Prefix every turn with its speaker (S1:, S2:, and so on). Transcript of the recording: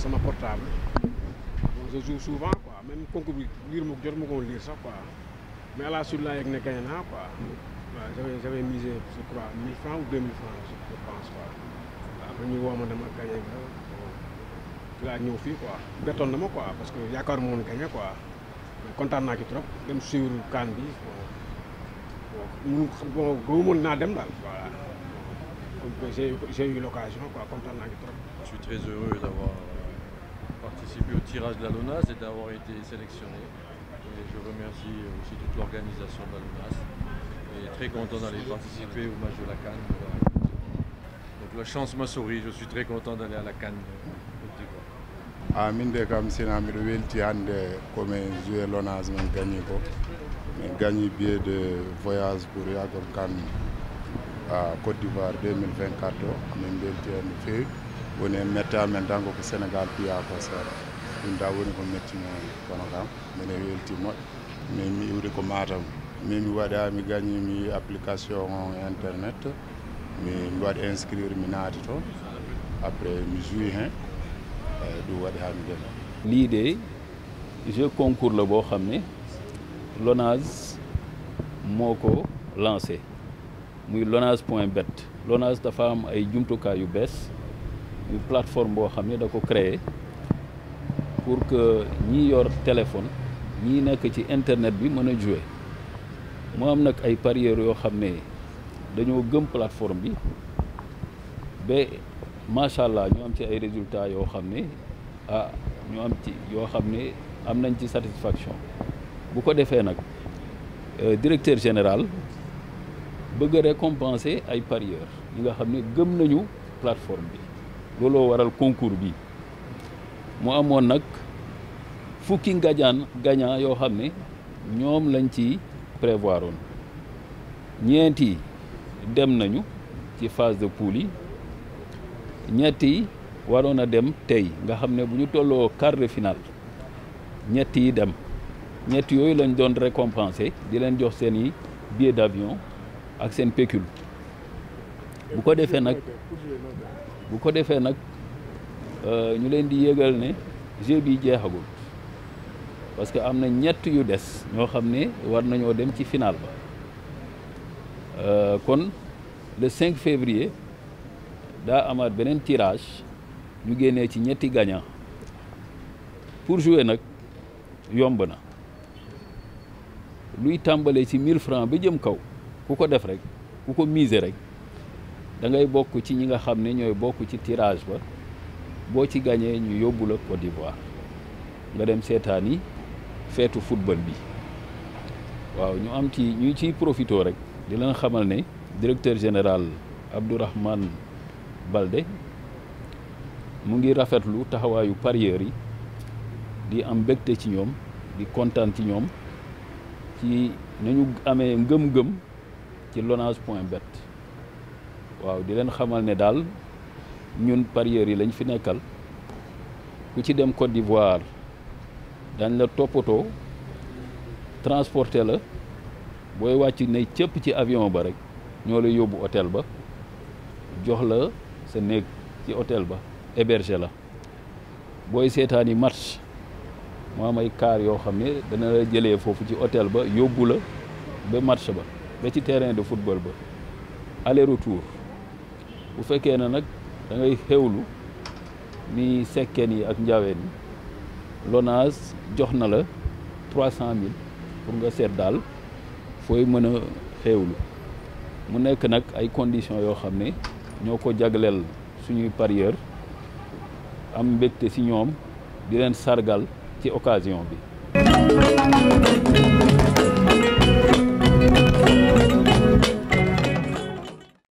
S1: sama portable bon je joue souvent quoi même concours bi liir ma ko jot ma ko woon liir sax quoi
S2: mais à la suite laa yegg ne
S1: gagné naa quoi waaw j'avais j'avais misé je crois 1000 francs ou 2000 francs je pense quoi waaw ba ñu woo ma dama gagné nga ci laa ñëw fii quoi bettoon na ma quoi parce que yaakaar moom gagné quoi mais kontaan naa ci trop dem suivre kan bi bon bon gëmu mën naa dem daal voilà. J'ai eu l'occasion, quoi, content Je suis très heureux d'avoir participer au tirage de la LONAS et d'avoir été sélectionné. Et je remercie aussi toute l'organisation de la LONAS. Et très content d'aller participer au match de la Cannes. Donc la chance m'a souri, je suis très content d'aller à la Cannes.
S3: amin ah, de kam sina mbiɗo welti hannde komin joué lonage min gagni ko min gagni billet de voyage pour yagol kan côte d'ivoire 2024 o min belti hen no feewi woni hen mette amen tan koko sénégal piya ko seeɗa ɗum da woni ko mettino kono kam mine welti moƴƴo mi iwri ko matam mais mi waɗa mi application internet mi waɗi inscrire mi naati
S2: après mi joui hen eyyi ɗum waɗi ha lii de jeu concours la boo xam ne LONASE moo ko lancé muy LONASE point bet LONASE dafa am ay jumtukaay yu bees yu boo xam ne da ko créer pour que ñi yor téléphone ñii nekk ci internet bi mën a jouer mu am nag ay parieurs yoo xam ne dañoo gëm plateforme bi ba macha allah ñu am ci ay résultats yoo xam ne ah ñu am ci yoo xam ne am nañ ci satisfaction bu ko defee nag euh, directeur général bëgg récompenser ay parieurs ñi nga xam ne gëm nañu plateforme bi looloo waral concours bi mu amoon nag fukki ngajaan gagnant yoo xam ne ñoom lañ ci prévoir woon ñeenti dem nañu ci phase de poule ñetti waroon a dem tey nga xam ne bu ñu tolloo quart de finale ñett dem ñett yooyu lañ doon récompenser di leen jox seen i billet d'avion ak seen pécule bu ko defee nag bu ko defee nag euh, ñu leen di yëgal ne jeu bi jeexagul parce que am na ñett yu des ñoo xam ne war nañoo dem ci final ba euh, kon le 5 février daa amaat beneen tirage ñu génnee ci ñetti gagnant pour jouer nag yomb na luy tàmbalee ci mille francs ba jëm kaw ku ko def rek ku ko miser rek da ngay bokk ci ñi nga xam ne ñooy bokk ci tirage ba boo ci gañee ñu yóbbu la Côte d'Ivoire nga dem seetaani feetu football bi waaw ñu am ci ñu ciy profito rek di leen xamal ne directeur général Abdourahmane balde mu ngi rafetlu taxawaayu parieurs yi di am mbégte ci ñoom di kontaan ci ñoom ci nañu amee ngëm-ngëm ci lonase point bet waaw di leen xamal ne daal ñun parieurs yi lañ fi nekkal ku ci dem Côte d'Ivoire dañ la toppatoo transporter la booy wàcc ne cëpp ci avion ba rek ñoo lay yóbbu hôtel ba jox la sa néeg ci otel ba héberger la booy seetaani match moo am ay car yoo xam ne dana la jëlee foofu ci hôtel ba yóbbu la ba match ba ba ci terrain de football ba aller retour bu fekkee ne nag dangay ngay xewlu ni sekkeen yi ak njaween yi jox na la trois cent mille pour nga seet daal fooy mën a xewlu mu nekk nag ay conditions yoo xam ne ñoo ko jagleel suñuy pariyeur am mbégte ci ñoom di leen sargal ci occasion bi